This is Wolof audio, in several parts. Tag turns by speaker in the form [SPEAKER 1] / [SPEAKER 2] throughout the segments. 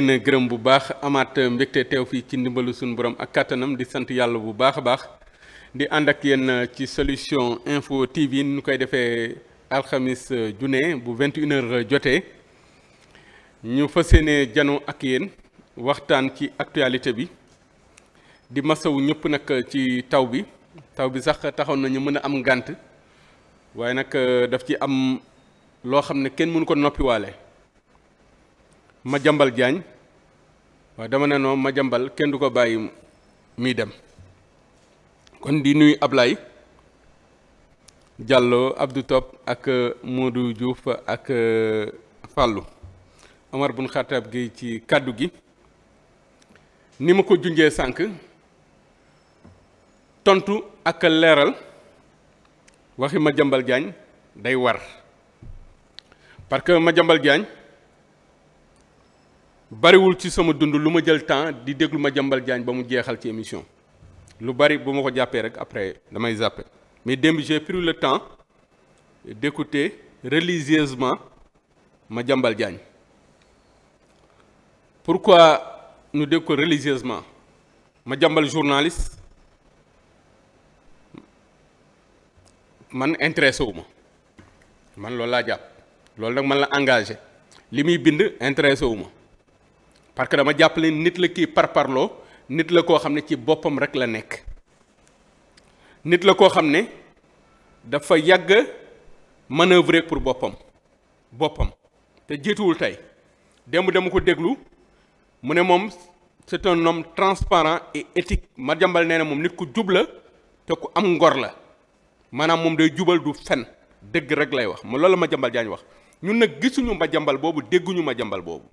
[SPEAKER 1] leen gërëm bu baax amaat mbégte teew fii ci ndimbalu suñu borom ak kattanam di sant yàlla bu baax a baax di ànd ak yenn ci solution info TV ni ñu koy defee alxamis junne bu 21h jotee ñu fa yéene jano ak yéen waxtaan ci actualité bi di masawu ñëpp nag ci taw bi taw bi sax taxaw na ñu mën a am ngànt waaye nag daf ci am loo xam ne kenn mënu ko noppiwaale. Madiambal Diagne waaw dama ne noonu Madiambal kenn du ko bàyyi muy dem kon di nuyu Ablaye jàlloo abdu Top ak euh, Modou juuf ak euh, Fallou Omar bun Xattaab gi ci kàddu gi ni ma ko junjee sànq tontu ak leeral waxi Madiambal Diagne day war parce que Madiambal Diagne bariwul ci sama dund lu ma jël temps di déglu ma jambal jaañ ba mu jeexal ci émission lu bari bu ma ko jàppee rek après damay zappe mais démb j'ai pris le temps d'écouter religieusement ma jambal jaañ pourquoi nu dégg ko religieusement ma jàmbal journaliste man intéressé wu ma man loolu laa jàpp loolu nag man la engagé li muy bind intéressé wu ma parce que dama jàppale nit la kii parparloo nit la koo xam ne ci boppam rek la nekk nit la koo xam ne dafa yàgg manœuvrer pour boppam boppam te jiituwul tey démb dama ko déglu mu ne moom c'est un homme transparent et éthique ma jambal nee na moom nit ku jub la te ku am ngor la maanaam moom day jubal du fen dégg rek lay wax mu loolu ma jambal jaañ wax ñun nag gisuñu ma jàmbal boobu dégguñu ma jàmbal boobu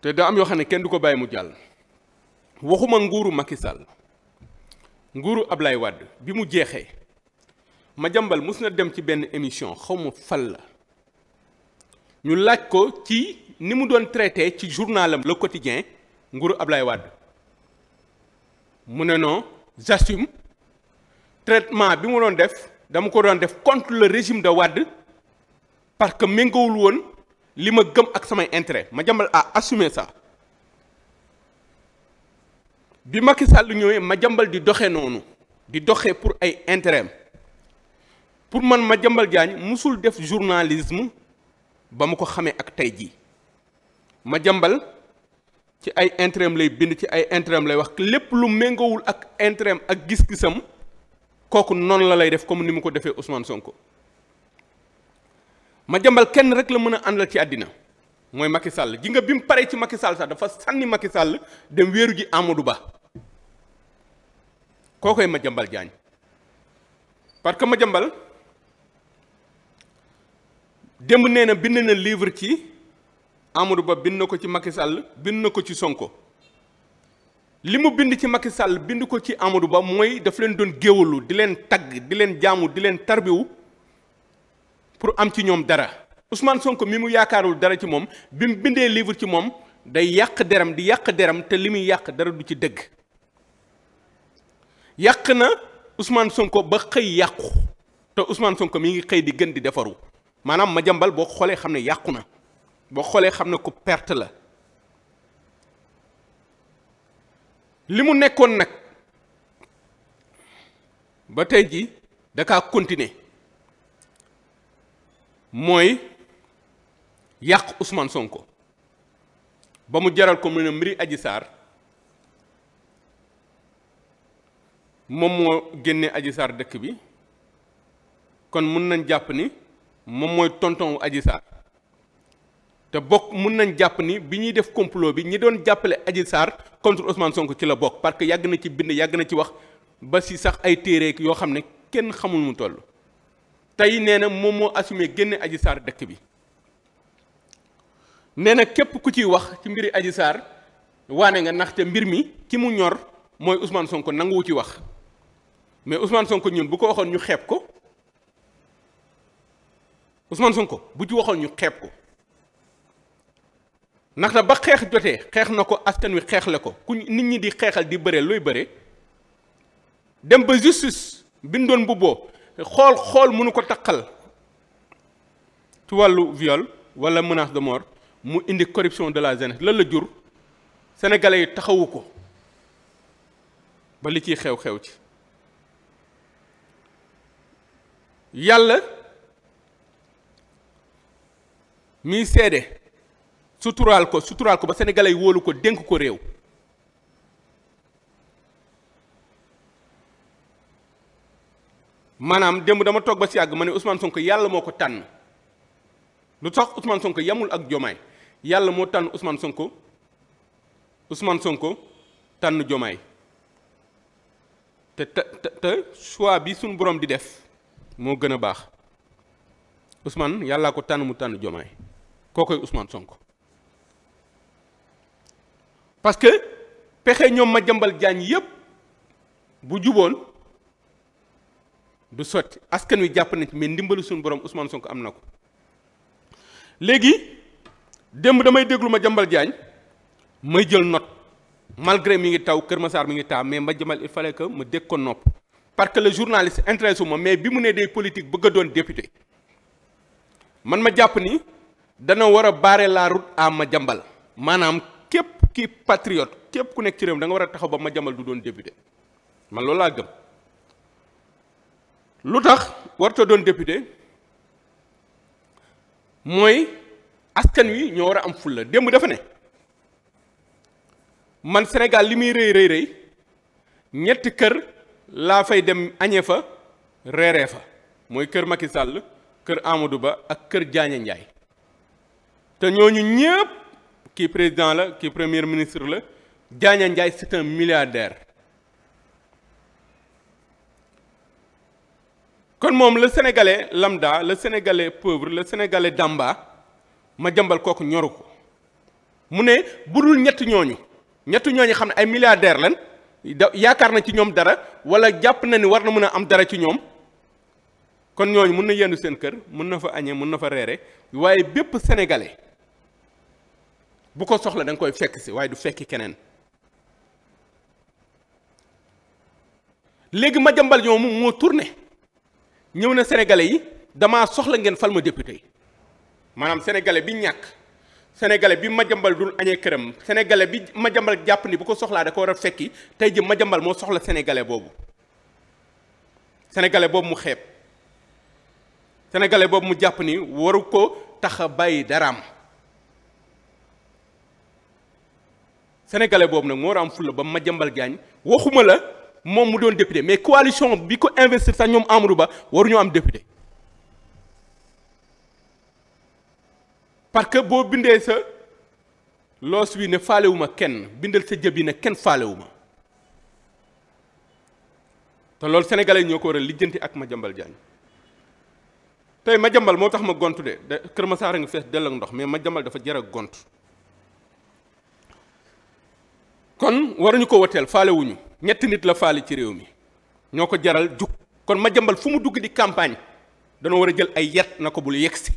[SPEAKER 1] te da am yoo xam ne kenn du ko bàyyi mu jàll waxuma nguuru Macky Sall nguuru Ablaye Wade bi mu jeexee ma jàmbal mus na dem ci benn émission xaw ma fal la ñu laaj ko ci ni mu doon traité ci journalam Le Quotidien nguuru Ablaye Wade mu ne noo j'assume traitement bi mu doon def dama ko doon def contre le régime de Wade parce que méngawul woon li ma gëm ak samay intérêt ma jàmbal a assumer ça bi ma Macky Sall ñëwee ma jambal di doxee noonu di doxee pour ay intérêt pour man ma jambal jaañ mosul def journalisme ba ma ko xamee ak tey jii ma jàmbal ci ay intérêt lay bind ci ay intérêt lay wax lépp lu méngowul ak intérêt ak gis-gisam kooku noonu la lay def comme ni mu ko defee Ousmane Sonko. ma jambal kenn rek la mën a àndal ci àddina mooy Macky Sall ji nga bi mu paree ci Macky Sall sax dafa sànni Macky Sall dem wéeru ji Amadou Ba kookoy ma jambal jaañ parce que ma jambal démb nee na bind na livre ci Amadou Ba bind na ko ci Macky Sall bind na ko ci Sonko li mu bind ci Macky Sall bind ko ci Amadou Ba mooy daf leen doon géwalu di leen tagg di leen jaamu di leen tarbiwu pour am ci ñoom dara Ousmane Sonko mi mu yaakaarul dara ci moom bi mu bindee livre ci moom day yàq deram di yàq deram te li muy yàq dara du ci dëgg yàq na Ousmane Sonko ba xëy yàqu te Ousmane Sonko mi ngi xëy di gën di defaru maanaam ma jambal boo xoolee xam ne yàqu na boo xoolee xam ne ku perte la li mu nekkoon nag ba tey ji da kaa continuer mooy yàq Ousmane Sonko ba mu jaral ko mu ne mbiri aji saar moom moo génnee Adji Sarr dëkk bi kon mun nañ jàpp ni moom mooy tonton wu Adji Sarr te bokk mun nañ jàpp ni bi ñuy def complot bi ñu doon jàppale Adji Sarr contre Ousmane Sonko ci la bokk parce que yàgg na ci bind yàgg na ci wax ba si sax ay téere yoo xam ne kenn xamul mu toll. tey nee na moom moo assumé génne Adji Sarr dëkk bi nee na képp ku ciy wax ci mbiri Adji Sarr waane nga naxte mbir mi ki mu ñor mooy Ousmane Sonko nanguwu ci wax mais Ousmane Sonko ñun bu ko waxoon ñu xeeb ko Ousmane bu ci waxoon ñu xeeb ko ndax ba xeex jotee xeex na ko askan wi xeex ko ku nit ñi di xeexal di bëre looy bëre dem ba justice bindoon bu boo xool xool mënu ko taqal ci wàllu viol wala menace de mort mu indi corruption de la jeunesse lan la jur sénégalais yi taxawu ko ba li ciy xew-xew ci yàlla miy seede suturaal ko suturaal ko ba sénégalais yi wóolu ko dénk ko réew maanaam démb dama toog ba si àgg ma ne Ousmane Sonko yàlla moo ko tànn lu tax Ousmane Sonko yamul ak Jomaay yàlla moo tànn Ousmane Sonko Ousmane Sonko tànn Jomaay te te te choix bi suñ borom di def moo gën a baax usman yàllaa ko tànn mu tànn Jomaay kookoy Ousmane Sonko parce que pexe ñoom ma jambal jaañ yépp bu juboon. du sotti askan wi jàpp nañ ci mais ndimbalu suñu borom Ousmane ko am na ko léegi démb damay déglu ma jambal jaañ may jël note malgré mi ngi taw Kër Massar mi ngi taa mais ma jëmal il fallait que ma dégg ko nopp parce que le journaliste intéresse wu ma mais bi mu ne day politique bëgg a doon député man ma jàpp ni dana war a barrer la route à ma jambal maanaam képp ki patriote képp ku nekk ci réew da nga war a taxaw ba ma jambal du doon député man loolu laa gëm. lu tax warta doon député mooy askan wi ñoo war a am fulla démb dafa ne man Sénégal li muy rëy rëy rëy ñetti kër laa fay dem añee fa reeree fa mooy kër Macky Sall kër Amadou Ba ak kër Diagne Ndiaye te ñooñu ñëpp kii président la kii premier ministre la Diagne Ndiaye c'est un milliardaire kon moom le sénégalais lambda la sénégalais pauvre la sénégalais damba ma jëmbal kooku ñoru ko mu ne bu dul ñett ñooñu ñett ñooñu xam ne ay milliardaire lan da yaakaar na ci ñoom dara wala jàpp na ni war na mën a am dara ci ñoom kon ñooñu mën na yendu seen kër mën na fa añee mën na fa reere waaye bépp sénégalais bu ko soxla danga koy fekk si waaye du fekki keneen léegi ma jëmbal ñoom moo tourné ñëw na sénégalais yi damaa soxla ngeen fal ma député maanaam sénégalais bi ñàkk sénégalais bi Madiambal dul añee këram sénégalais bi Madiambal jàpp ni bu ko soxlaa da ko war a fekki tey jii Madiambal moo soxla sénégalais boobu sénégalais boobu mu xeeb sénégalais boobu mu jàpp ni waru ko tax a bàyyi daraam sénégalais boobu nag moo am fulla ba Madiambal Diagne waxuma la moom mu doon député mais coalition bi ko investir sax ñoom Amadou Ba waruñoo am député parce que boo bindee sa loos wi ne faalewuma kenn bindal sa jëb yi ne kenn faalewuma te loolu sénégalais ñoo ko war a lijjanti ak Madiambal Diagne tey Madiambal moo tax ma gontu de Kër Massar a ngi fees dell ak ndox mais Madiambal dafa jar a gont kon waruñu ko woteel faalewuñu ñetti nit la faale ci réew mi ñoo ko jaral jug kon ma jambal fu mu dugg di campagne danoo war a jël ay yet na ko bul yegsi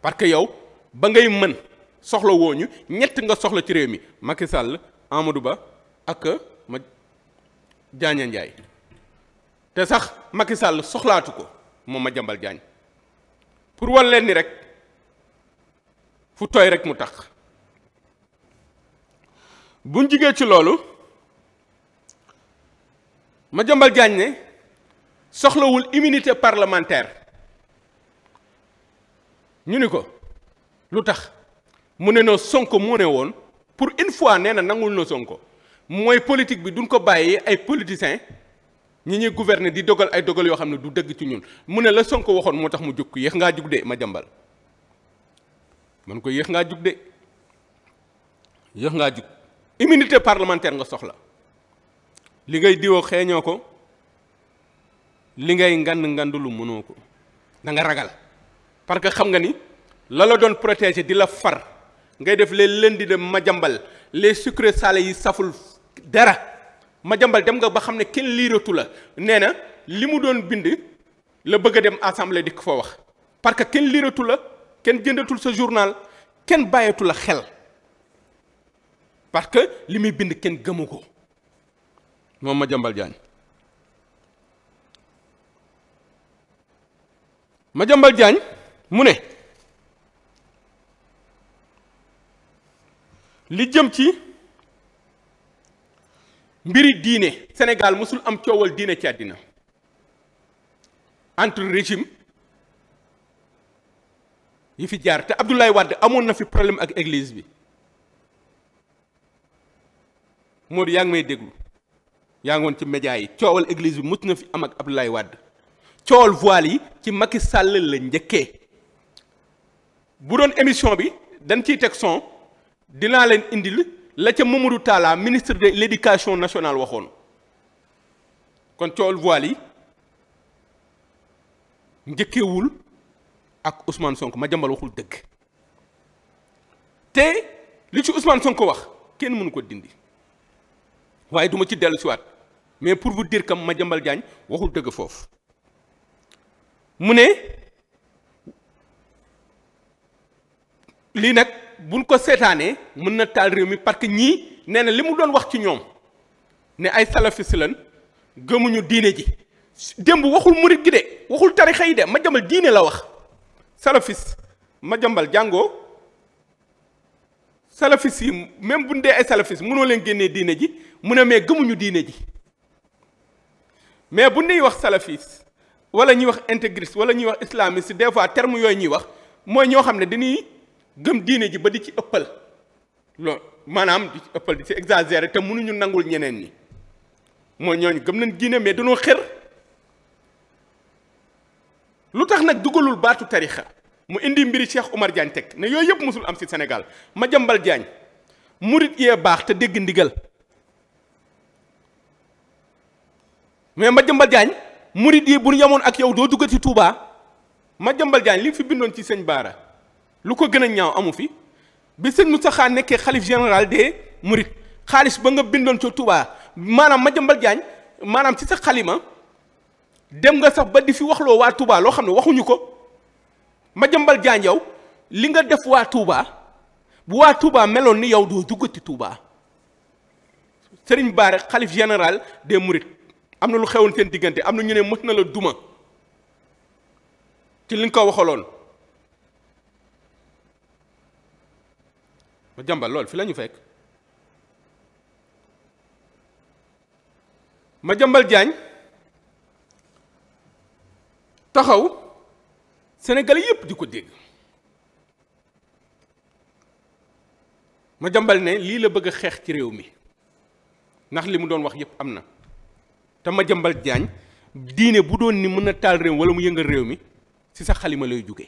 [SPEAKER 1] parce que yow ba ngay mën soxla woo ñu ñett nga soxla ci réew mi Macky Sall Amadou Ba ak ma Diagne Ndiaye te sax Macky soxlaatu ko moom ma jambal Diagne pour wan leen ni rek fu tooy rek mu tax buñ jigee ci loolu ma jëmbal jaañ ne soxlawul immunité parlementaire ñu ni ko lu tax mu ne noo Sonko mu ne woon pour une fois nee na nangul na Sonko mooy politique bi duñ ko bàyyi ay politiciens ñi ñuy gouverner di dogal ay dogal yoo xam ne du dëgg ci ñun mu ne la Sonko waxoon moo tax mu jóg yéex ngaa jug de ma jàmbal man ko yéex ngaa jug de yéex ngaa jug immunité parlementaire nga soxla li ngay diwoo xeeñoo ko li ngay ngand ngandulu mënoo ko da nga ragal parce que xam nga ni la la doon protéger di la far ngay def les lundi de Madiambal les sucré salé yi saful dara Madiambal dem nga ba xam ne kenn liiratu la nee na li mu doon bind la bëgg a dem assemblée di ko fa wax parce que kenn liiratu la kenn jëndatul sa journal kenn bàyyeetu la xel parce que li muy bind kenn gëmu ko moom Madiambal Diagne Madiambal Diagne mu ne li jëm ci mbiri diine Sénégal mosul am coowal diine ci àddina entre régime yi fi jaar te Abdoulaye Wade amoon na fi problème ak église bi Modou yaa ngi may déglu yaa ngoon ci média yi coowal église bi mus na fi am ak Abdoulaye Wade coowal voile yi ci Macky sàll la njëkkee bu doon émission bi dañ ciy teg son dinaa leen indil la ca Mamadou Talla ministre de l'éducation nationale waxoon kon coowal voile yi njëkkewul ak usmaan sonk ma jambal waxul dëgg te li ci Ousmane Sonko wax kenn mënu ko dindi waaye duma ci dellu siwaat mais pour bu dire ma Madiambal Diagne waxul dëgg foofu mu ne lii nag buñ ko seetaanee mën na taal mi parce que ñii nee na li mu doon wax ci ñoom ne ay salafis lan gëmuñu diine ji démb waxul murit gi waxul tarixa yi de Madiambal diine la wax salafis Madiambal jàngoo salafis yi même buñ dee ay salafis mënoo leen génnee diine ji mu ne mais gëmuñu diine ji mais bu ñuy wax salafis wala ñuy wax intégriste wala ñuy wax islamiste des fois terme yooyu ñuy wax mooy ñoo xam ne dañuy gëm diine ji ba di ci ëppal loolu maanaam di ci ëppal di ci exagéré te mënuñu nangul ñeneen ñi mooy ñooñu gëm nañ diine mais dañoo xër lu tax nag dugalul baatu tarixa mu indi mbiri Cheikh Oumar Diagne teg ne yooyu yëpp mosul am ci senegal ma jambal Diagne murit yee baax te dégg ndigal mais Madiambal Diagne murid yi bu ñu yamoon ak yow doo duggati Touba Madiambal Diagne li mu fi bindoon ci sëñ Baara lu ko gën a ñaaw amu fi bi sëñ Moustapha nekkee xalif général des murid xaalis ba nga bindoon ca Touba maanaam ma Madiambal Diagne maanaam ci sa xalima dem nga sax ba di fi waxloo waa Touba loo xam ne waxuñu ko Madiambal Diagne yow li nga def waa Touba bu waa Touba meloon ni yow doo duggati Touba Serigne Bara xalif général des Mourides am na lu xewoon seen diggante am na ñu ne mës na la duma ci li nga ko waxaloon ma jàmbal lool fi la fekk ma jàmbal jaañ taxaw sénégalais yépp di ko dégg ma jàmbal ne lii la bëgg a xeex ci réew mi ndax li mu doon wax yépp am na te ma jambal Diagne diine bu doon ni mën na taal réew wala mu yëngal réew mi ci sa xalima lay jóge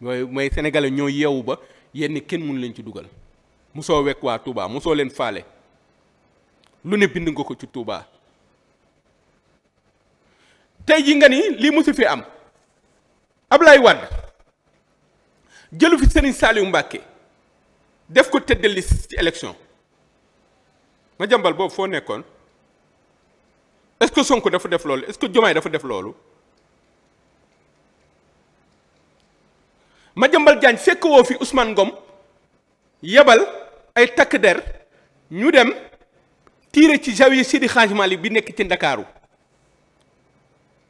[SPEAKER 1] mooy mooy sénégalais ñoo yeewu ba yenn kenn mun leen ci dugal mosoo wekk waa Touba mosoo leen faale lu ne bind nga ko ci Touba tey ji nga ni lii masu fi am Ablaye Wade jëlu fi Serigne Saliou Mbacké def ko tëddali ci ma jambal boobu foo nekkoon est-ce que Sonko dafa def loolu est-ce que Diomaye dafa def loolu Madiambal Diagne fekk woo fi Ousmane Ngom yebal ay takk der ñu dem tiire ci jawier Seydi xaaj Malick bi nekk ci Ndakaaru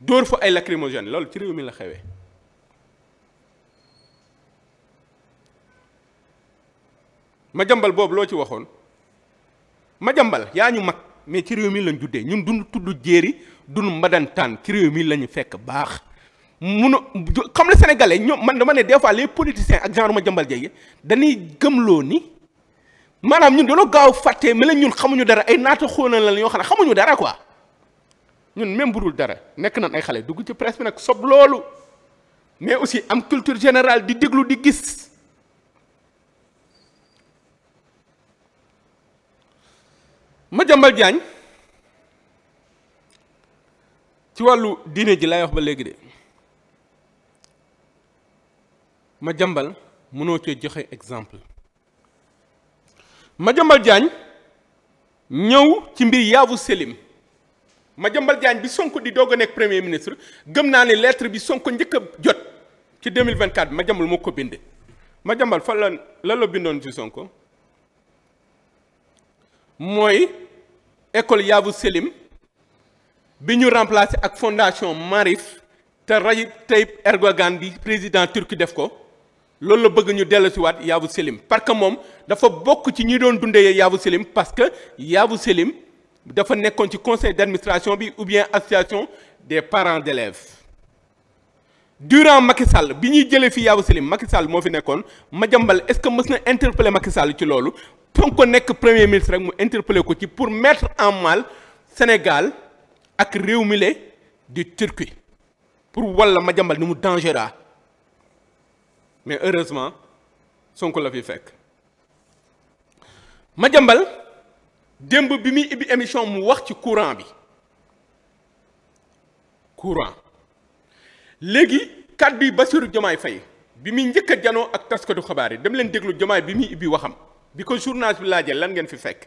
[SPEAKER 1] dóor fa ay lacrymogène lool ci réew mi la xewee Madiambal boobu loo ci waxoon majambal yaa ñu mag mais ci réew mii lañ juddee ñun duñ tudd jéeri duñ mbadantaan ci réew mii la ñu fekk baax mun a xam la sénégalais ñoom man dama ne des fois les politiciens ak genre ma jëmbal jege dañuy gëmloo ni maanaam ñun dañoo gaaw fàttee mel ñun xamuñu dara ay naata xóonal la ñoo xam ne xamuñu dara quoi ñun même budul dara nekk nañ ay xale dugg ci presse bi nag sob loolu mais aussi am culture général di déglu di gis ma jambal Diagne ci wàllu diine ji lay wax ba léegi de Madiambal mënoo cee joxe exemple Madiambal jaañ ñëw ci mbir Yavuz Selim ma Madiambal Diagne bi Sonko di doog a nekk premier ministre gëm naa ne lettre bi sonk njëkk jot ci 2024 Madiambal moo ko binde Madiambal fan la lan la bindoon ci Sonko mooy école Yavuz Selim bi ñu remplacé ak fondation Maarif te Recep Tayyip Erdogan bi président turc def ko loolu la bëgg ñu dellusiwaat yaabu Selim parce que moom dafa bokk ci ñi doon dundee Yavuz Selim parce que yaabu Selim dafa nekkoon ci conseil d'administration bi ou bien association des parents d'élèves durant Macky Sall bi ñuy jëlee fi Yavuz Selim Macky Sall moo fi nekkoon ma est-ce que mës na interpeller Macky Sall ci loolu Sonko nekk premier ministre rek mu interpellé ko ci pour mettre en mal Sénégal ak réew mi di Turquie pour walla ma jàmbal ni mu dangereux mais heureusement Sonko la fi fekk majambal jàmbal démb bi muy ibbi émission mu wax ci courant bi courant léegi bi yi Bassirou Diomaye fay bi muy njëkk a janoo ak taskatu xabaar yi dem leen déglu Diomaye bi muy ibbi waxam bi ko journaliste bi laajee lan ngeen fi fekk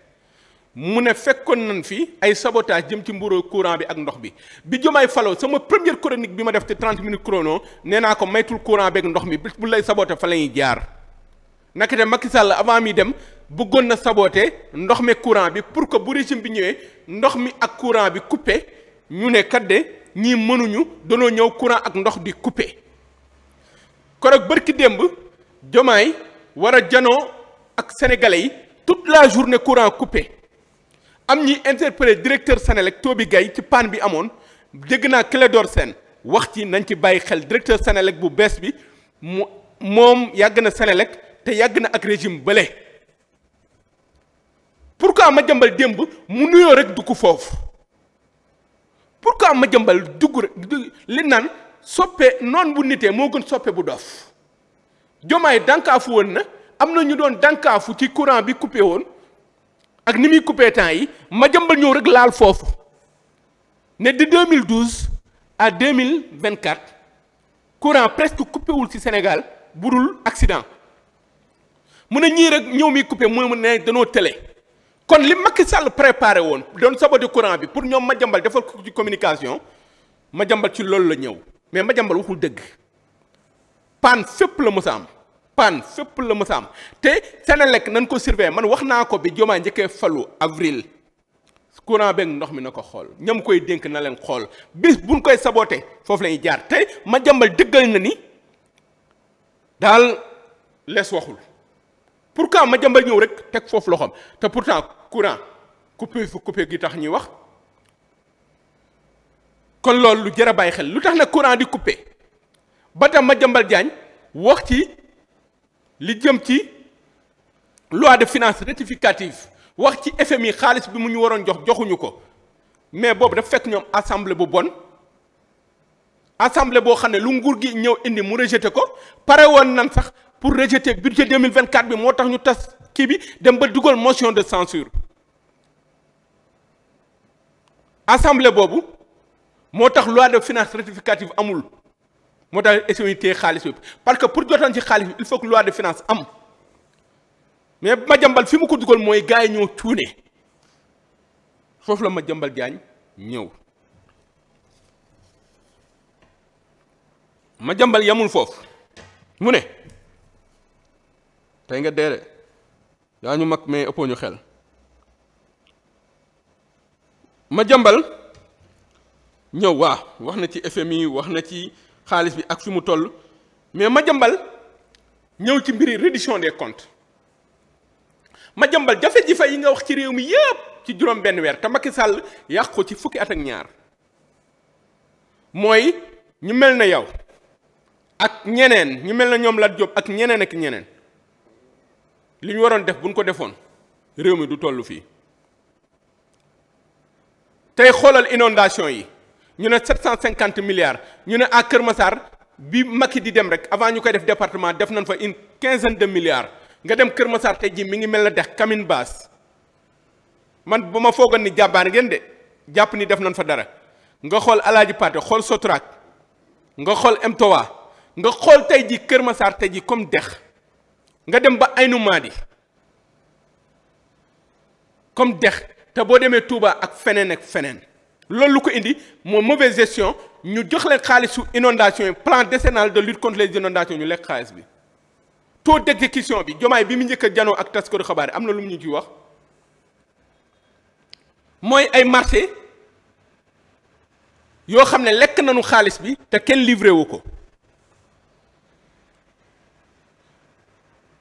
[SPEAKER 1] mu ne fekkoon nañ fi ay sabotage jëm ci mburu courant bi ak ndox bi bi Diomaye falo sama première coronique bi ma def te 30 minutes chrono nee naa ko maytul courant beeg ndox mi bés bu lay saboté fa la jaar naka dem Macky Sall avant mi dem bëggoon na saboté ndox mi courant bi pour que bu régime bi ñëwee ndox mi ak courant bi coupé ñu ne kat de mënuñu danoo ñëw courant ak ndox di coupé korog bërki démb Diomaye war a janoo ak sénégalais yi toute la journée courant coupé am ñi interpellé directeur Senelec Toby Gaye ci panne bi amoon dégg naa Clédor Sène wax ci nañ ci bàyyi xel directeur Senelec bu bees bi mu moom yàgg na Senelec te yàgg na ak régime bële pourquoi am jëmbal démb mu nuyoo rek dugg foofu pourquoi ma jëmbal dugg rek li naan soppe noon bu nitee moo gën soppe bu dof jomaay dànkaafu na am na ñu doon dànkaafu ci courant bi coupé woon ak ni muy coupé temps yi ma jëmbal ñëw rek laal foofu ne de 2012 à 2024 courant presque coupé wul ci Sénégal budul accident mun ne ñii rek ñëw mi coupé mu ne danoo télé kon li Macky Sall préparé woon doon saboté courant bi pour ñoom ma jàmbal defal ko ci communication ma jëmbal ci loolu la ñëw mais ma jëmbal waxul dëgg panne fépp la mës a am. pan fépp la mës a am te Senelec nañ ko surveiller man wax naa ko bi Diomaye njëkkee falu avril courant beeg ndox mi na ko xool ñam koy dénk na leen xool bis buñ koy saboote foofu la ñuy jaar te ma jàmbal dëggal na ni daal lees waxul pour pourquoi ma jàmbal ñëw rek teg foofu loxoom te pourtant courant coupé fu coupé gi tax ñuy wax kon loolu lu jar a bàyyi xel lu tax na courant di coupé ba tam ma jàmbal jaañ wax ci. li jëm ci loi de finance rectificative wax ci FMI xaalis bi mu ñu waroon jox joxuñu ko mais boobu dafa fekk ñoom assemblée bu bon assemblée boo xam ne lu nguur gi ñëw indi mu rejeté ko pare woon nan sax pour rejeter budget 2024 bi moo tax ñu tas kii bi dem ba dugal motion de censure assemblée boobu moo tax loi de finance rectificative amul moo tax émission xaalis bi parce que pour jotoon ci xaalis bi il faut que loi de finance am mais ma jambal fi mu ko dugal mooy gaay yi ñoo cuune foofu la ma jambal jaañ ñëw ma jambal yamul foofu mu ne tey nga deere yaa ñu mag mais ëppoo ñu xel ma jambal ñëw waa wax na ci FMI wax na ci xaalis bi ak fi mu toll mais ma jëmbal ñëw ci mbiri reddition des ma jëmbal jafe ji fa yi nga wax ci réew mi yépp ci juróom benn weer te Macky Sall yàq ko ci fukki at ak ñaar mooy ñu mel na yow ak ñeneen ñu mel na ñoom Lat Diop ak ñeneen ak ñeneen li ñu waroon def bu ñu ko defoon réew mi du toll fii tey xoolal inondation yi ñu ne 750 milliards ñu ne à Kër Massar bi Macky di dem rek avant ñu koy def département def nañ fa une quinzaine de milliards nga dem Kër Massar tey jii mi ngi mel na dex Kamine Baas man ba ma foogoon ni jàbbaar ngeen de jàpp ni def nañ fa dara nga xool Alaaji Paate xool Sotrac nga xool Mtoa nga xool tey jii Kër masaar tey jii comme dex nga dem ba Aynu Maadi comme dex te boo demee Touba ak feneen ak feneen. loolu lu ko indi moo mauvaise gestion ñu jox leen xaalisu inondation yi plan décennal de lutte contre les inondations ñu lekk xaalis bi taux d'exécution bi jomaay bi mu njëkk a janoo ak taskatu xabaar yi am na lu mu ñu ji wax mooy ay marché yoo xam ne lekk nañu xaalis bi te kenn livré wu ko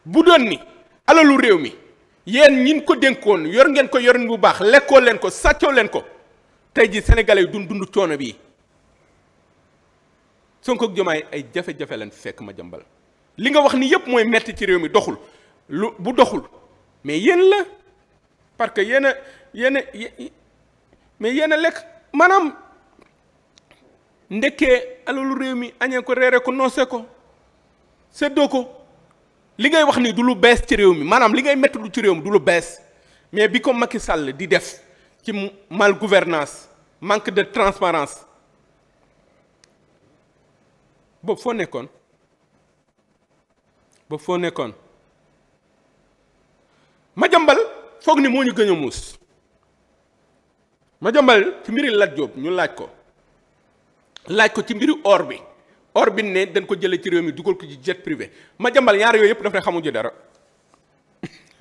[SPEAKER 1] bu doon ni alalu réew mi yéen ñin ko dénkoon yor ngeen ko yorin bu baax lekkoo leen ko sàccoo leen ko tey ji sénégalais yi dun dund coono bii Sonko ak Diomaye ay jafe-jafe lañ fekk ma jëmbal li nga wax nii yépp mooy metti ci réew mi doxul lu bu doxul mais yéen la parce que yéen a yéen a mais yéen lekk maanaam ndekkee alalu réew mi añee ko reere ko noose ko seddoo ko li ngay wax ni du lu bees ci réew mi maanaam li ngay metti du ci réew mi du lu bees mais bi ko Macky Sall di def ci malgouvernance manque de transparence boobu foo nekkoon boobu foo nekkoon ma foog ni moo ñu gën a muus ma jambal ci mbiri Lat Diop ñu laaj ko laaj ko ci mbiri or bi or bi ne dañ ko jëlee ci réew mi dugal ko ci jet privé ma jambal ñaar yooyu yëpp daf ne xamuñu dara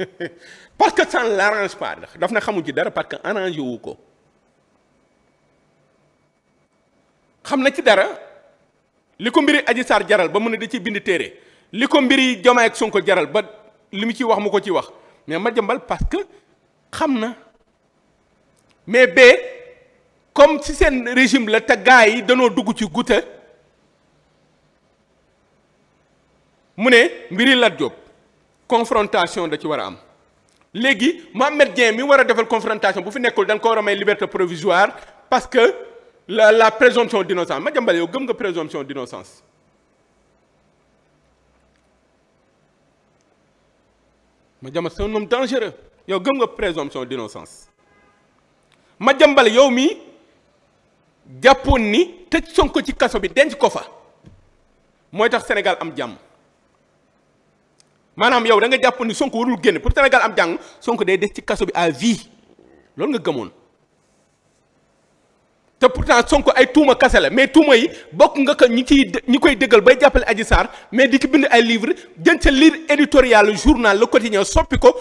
[SPEAKER 1] parce que san ne l'arrange pas daf na xamu ci dara parce que arrangé wu ko xam na ci dara li ko mbiri Adji Sarr jaral ba mu ne da ciy bind téere li ko mbiri Diomaye ak ko jaral ba li mu ciy wax mu ko ci wax mais ma jëmbal parce que xam na mais bee comme ci seen régime la te gaa yi danoo dugg ci guta mu ne mbiri Lat Diop confrontation da ci war a am léegi Mohamed Dieng mi war a defal confrontation bu fi nekkul dañ ko war a may liberté provisoire parce que la la présomption d'innocence ma jàmbale yow gëm nga présomption d'innocence ma jàmbale c'est un homme dangereux yow gëm nga présomption d'innocence ma jàmbale yow mi jàppoon ni tëj Sonko ci kaso bi denc ko fa mooy tax Sénégal am jàmm maanaam yow da nga jàpp ni Sonko warul génn pour Sénégal am jàng Sonko day des ci kaso bi à vie loolu nga gëmoon te pourtant Sonko ay tuuma kase la mais tuuma yi bokk nga ko ñi ciy ñi koy dëggal bay jàppale Adji Sarr mais di ci bind ay livre jën ca lire éditorial journal Le Quotidien soppi ko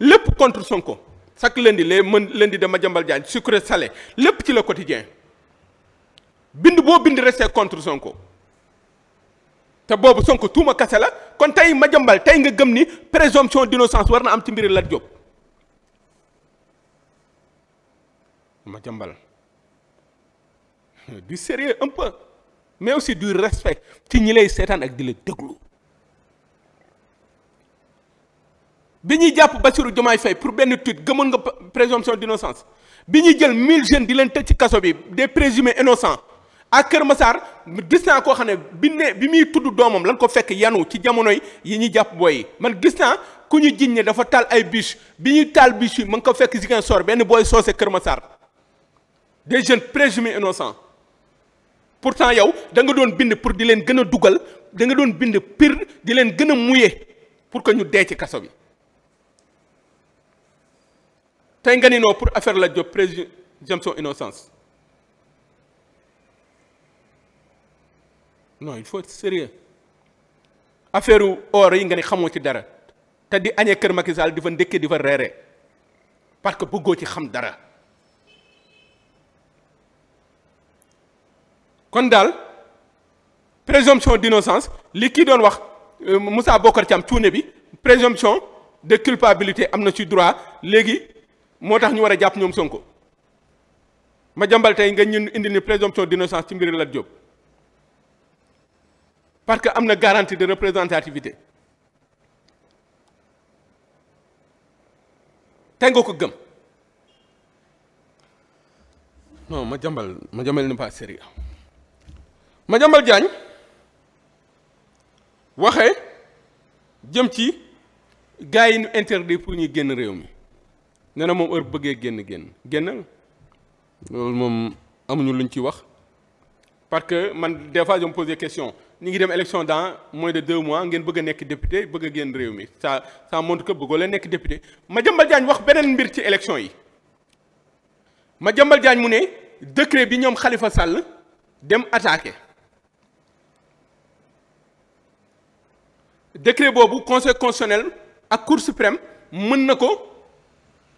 [SPEAKER 1] lépp contre Sonko chaque lundi les mën lundi dama jambal jaan sucré salé lépp ci Le Quotidien bind boo bind resté contre Sonko te boobu Sonko tuuma kase la kon tey Madiambal tey nga gëm ni présomption d'innocence war na am ci mbiri Lat Diop Madiambal du sérieux un peu mais aussi du respect ci ñi lay seetaan ak di la déglu bi ñuy jàpp Bassirou Diomaye Faye pour benn tweet gëmoon nga présomption d'innocence bi ñuy jël mille jeune di leen tëj ci kaso bi des présumés innocents à Kër Massar gis naa koo xam ne bi bi muy tudd doomam lañ ko fekk yanu ci jamonoy yi ñu jàpp booy yi man gis naa ku ñu jiñ ne dafa taal ay biche bi ñuy taal biche ma ngi ko fekk Ziguinchor benn booy soose Kër Massar des jeunes présumés innocents pourtant yow da nga doon bind pour di leen gën a dugal danga doon bind pire di leen gën muye pour que ñu dee ci kaso bi tey nga ni non pour affaire la job présomption innocence non il faut être sérieux affaire or yi nga ne xamoo ci dara te di añee kër Macky di fa ndékkee di fa reere parce que bëggoo ci xam dara kon daal présomption d'innocence li kii doon wax euh, musaa Bokar Thiam cuune bi présomption de culpabilité am na ci droit léegi moo tax ñu war a jàpp ñoom Sonko ma jàmbal tey nga ñun indi ni présomption d'innocence ci mbiri Lat Diop parce que am na garantie de représentativité te nga ko gëm non Madiambal Madiambal n'est pas sérieux Madiambal Diagne waxee jëm ci gars yi ñu interdit pour ñuy génn réew mi nee na moom heure bëggee génn génn génn loolu moom amuñu luñ ci wax parce que man des fois je pose question ñu ngi dem élection dans moins de deux mois ngeen bëgg a nekk député bëgg a génn réew mi ça ça montre que bëggoo leen nekk député Madiambal Diagne wax beneen mbir ci élection yi Madiambal Diagne mu ne décret bi ñoom Khalifa Sall dem attaqué décret boobu conseil constitutionnel ak cour suprême mën na ko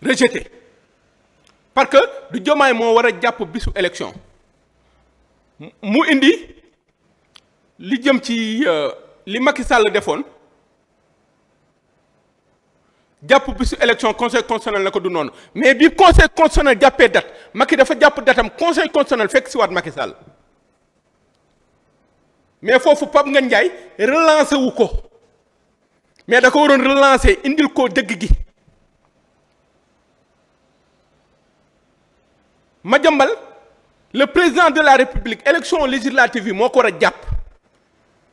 [SPEAKER 1] rejeter parce que du jomaay moo war a jàpp bisu élection mu indi. li jëm ci euh, li Macky Sall defoon jàpp bisu élection conseil constitutionnel na ko du noonu mais bi conseil constitutionnel jàppee date Macky dafa jàpp datam conseil constitutionnel fekk si waat Macky Sall mais foofu Pape Ngagne Ndiaye relancé wu ko mais da ko waroon relancé indil ko dëgg gi ma jambal le président de la république élection législative yi moo ko war a jàpp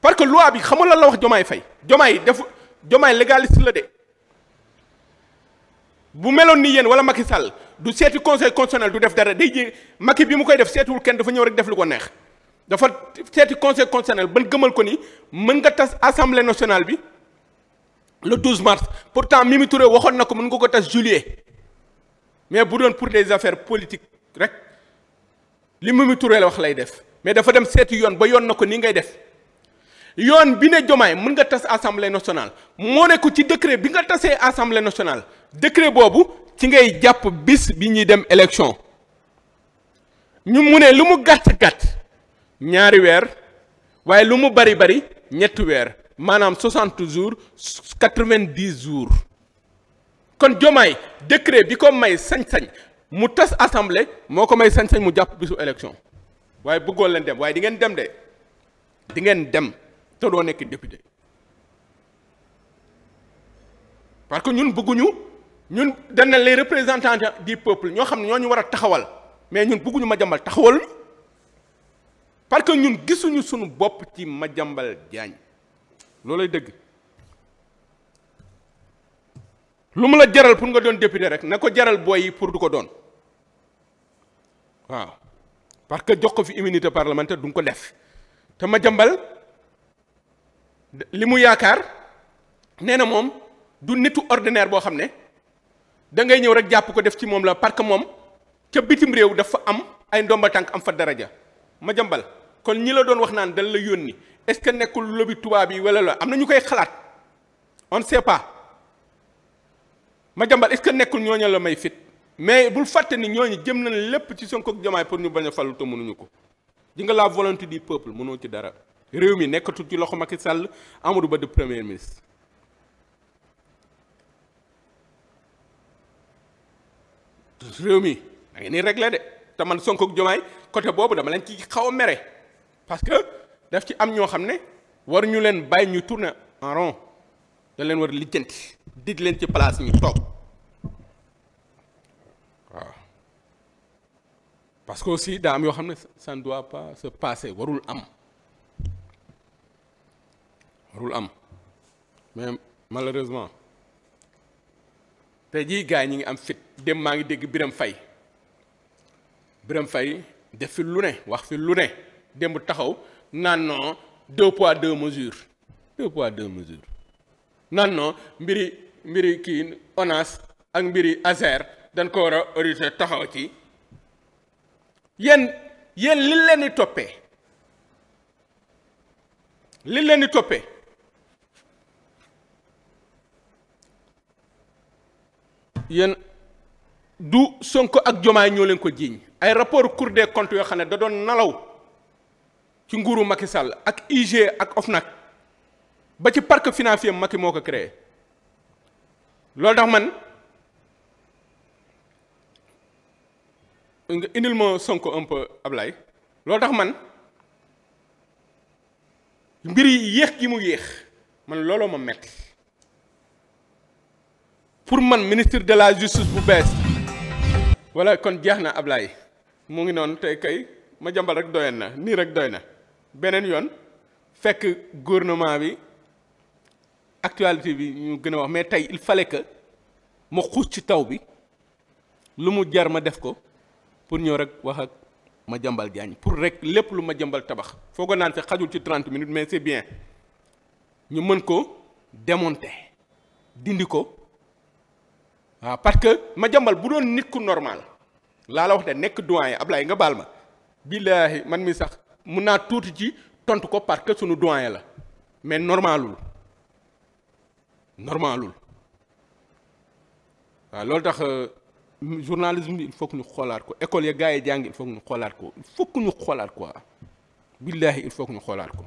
[SPEAKER 1] parce que loi bi xamul lan la wax Jomaay Fay Jomaay def Jomaay légaliste la de bu meloon ni yéen wala Macky Sall du seeti conseil constitutionnel du def dara day ji Macky bi mu koy def seetiwul kenn dafa ñëw rek def lu ko neex dafa seeti conseil constitutionnel ban gëmal ko ni mën nga tas assemblée nationale bi le 12 mars pourtant Mimi Touré waxoon na ko mën nga ko tas juillet mais bu doon pour des affaires politiques rek li Mimi Touré la wax lay def mais dafa dem seeti yoon ba yoon na ko ni ngay def. yoon bi ne Diomaye mën nga tas assemblée nationale moo ne ko ci décret bi nga tasee assemblée nationale décret boobu ci ngay jàpp bis bi ñuy dem élection ñu mu ne lu mu gàtt gàtt ñaari weer waaye lu mu bari bari ñetti weer maanaam soixante jours quatre vingt jours kon Diomaye décret bi ko may sañ-sañ mu tas assemblée moo ko may sañ-sañ mu jàpp bisu élection waaye bëggoon leen dem waaye di ngeen dem de dingeen dem te doo nekk député parce que ñun bëgguñu ñun dañ na les représentants du peuple ñoo xam ne ñoo ñu war a taxawal mais ñun bëgguñu Madiambal taxawal parce que ñun gisuñu suñu bopp ci Madiambal loolu loolay dëgg lu mu la jaral pour nga doon député rek na ko jaral booy yi pour du ko doon waaw parce que jox ko fi immunité parlementaire du nga ko def te Madiambal li mu yaakaar nee na moom du nitu ordinaire boo xam ne da ngay ñëw rek jàpp ko def ci moom la parce que moom ca bitim réew dafa am ay ndomba tànk am fa daraja ma jambal kon ñi la doon wax naan dañ la yónni est-ce que nekkul lobby tubaab yi wala la am na ñu koy xalaat on ne sait pas ma jambal est-ce que nekkul ñooñu la may fit mais bul fàtte ni ñoo ñooñu jëm na nañ lépp ci Sonko ak Diomaye pour ñu bañ a falu mënuñu ko ji nga la volonté du peuple mënoo ci dara. réew mi nekkatul ci loxo Macky Sall Amadou Ba di premier ministre. réew mi da ngeen di réglé de te man sonk ak Jomaay côté boobu dama leen ci xaw a mere parce que daf ci am ñoo xam ne war ñu leen bàyyi ñu tourner en rond da leen war a lijjanti dig leen ci place ñu toog waaw parce que aussi daa am yoo xam ne ça ne pas se passer warul am. dootul am mais malheureusement te jii gars yi ñu ngi am fit dem maa ngi dégg Biram Fay Biram Fay def fi lu ne wax fi lu ne démb taxaw naan non deux poids deux mesures deux poids deux mesures naan noo mbiri mbiri kii ONAS ak mbiri ASER dañ ko war a auditer taxaw ci yéen yéen li leen toppee li leen toppee yéen du Sonko ak jomaa ñoo leen ko jiiñ ay rapport Cour des comptes yoo xam ne da doon nelaw ci nguuru Macky Sall ak IG ak OFNAC ba ci parc financier Macky moo ko créé loolu tax man nga indil Sonko un loolu tax man mbir yi yéex gi mu yéex man looloo ma metti pour man ministre de la justice bu bees wala kon jeex na Ablaye mu ngi noonu tey kay ma jàmbal rek doyoon na nii rek doy na beneen yoon fekk gouvernement bi actualité bi ñu gën a wax mais tey il fallait ma xuus ci taw bi lu mu jar ma def ko pour ñëw rek wax ak ma jàmbal jaañ pour rek lépp lu ma jàmbal tabax foo ko naan sax xajul ci 30 minutes mais c'est bien ñu mën ko démonter dindi ko. waaw ah, parce que ma jambal bu doon nit ku normal laa la wax de nekk doyen Ablaye nga baal ma billaahi man mi sax mun naa tuuti ci tontu ko parce que suñu doyen la mais normalul normalul waaw ah, loolu tax euh, journalisme bi il faut ñu xoolaat ko école ya gars yi jàng il faut ñu xoolaat ko il faut que ñu xoolaat quoi billaahi il faut ñu xoolaat ko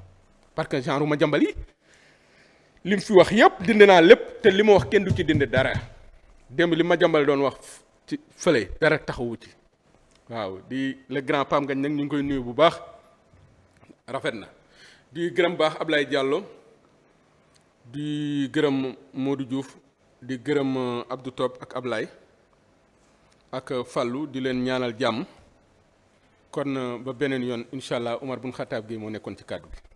[SPEAKER 1] parce que genre Madiambal yi li lim fi wax yëpp dindi naa lépp te li ma wax kenn du ci dindi dara. démb li ma jàmbale doon wax ci fële dara taxawu ci waaw di le grand PAM gañ nag ñu ngi koy nuyu bu baax rafet na di gërëm baax ab Ablaye jàlloo di gërëm Modou juuf di gërëm euh, Abdou Top ak Ablaye ak euh, Fallou di leen ñaanal jàmm kon euh, ba beneen yoon incha allah Omar bun Xataab gi moo nekkoon ci kàddu bi